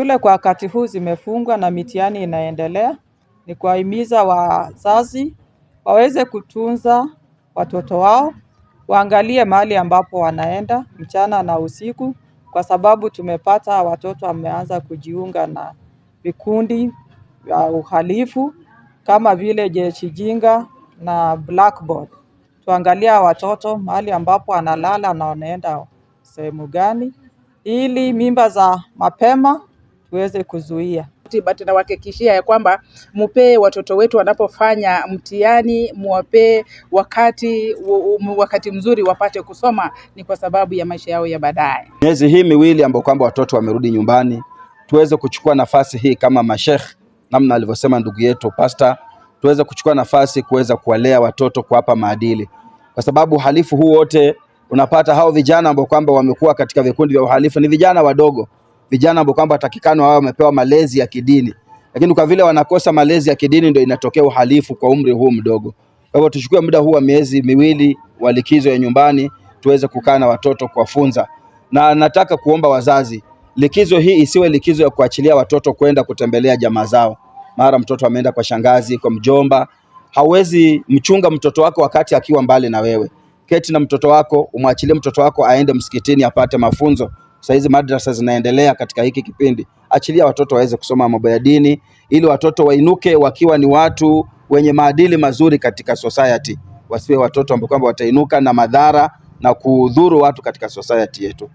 Shule kwa wakati huu zimefungwa na mitihani inaendelea. Ni kuwahimiza wazazi waweze kutunza watoto wao, waangalie mahali ambapo wanaenda mchana na usiku, kwa sababu tumepata watoto wameanza kujiunga na vikundi vya uhalifu kama vile jeshi jinga na blackboard. Tuangalia watoto mahali ambapo wanalala na wanaenda sehemu gani, ili mimba za mapema tuweze kuzuia but nawahakikishia ya kwamba mupee watoto wetu wanapofanya mtihani, muwapee wakati wakati mzuri wapate kusoma, ni kwa sababu ya maisha yao ya baadaye. Miezi hii miwili ambayo kwamba watoto wamerudi nyumbani, tuweze kuchukua nafasi hii kama mashekh, namna alivyosema ndugu yetu pasta, tuweze kuchukua nafasi kuweza kuwalea watoto, kuwapa maadili, kwa sababu uhalifu huu wote unapata hao vijana ambao kwamba wamekuwa katika vikundi vya uhalifu ni vijana wadogo vijana ambao kwamba watakikana wao wamepewa malezi ya kidini, lakini kwa vile wanakosa malezi ya kidini ndio inatokea uhalifu kwa umri huu mdogo. Kwa hivyo tuchukue muda huu wa miezi miwili wa likizo ya nyumbani tuweze kukaa na watoto kuwafunza, na nataka kuomba wazazi, likizo hii isiwe likizo ya kuachilia watoto kwenda kutembelea jamaa zao. Mara mtoto ameenda kwa shangazi, kwa mjomba. Hawezi mchunga mtoto wako wakati akiwa mbali na wewe. Keti na mtoto wako, umwachilie mtoto wako aende msikitini apate mafunzo. Sasa hizi madrasa zinaendelea katika hiki kipindi, achilia watoto waweze kusoma mambo ya dini, ili watoto wainuke wakiwa ni watu wenye maadili mazuri katika society, wasiwe watoto ambao kwamba watainuka na madhara na kudhuru watu katika society yetu.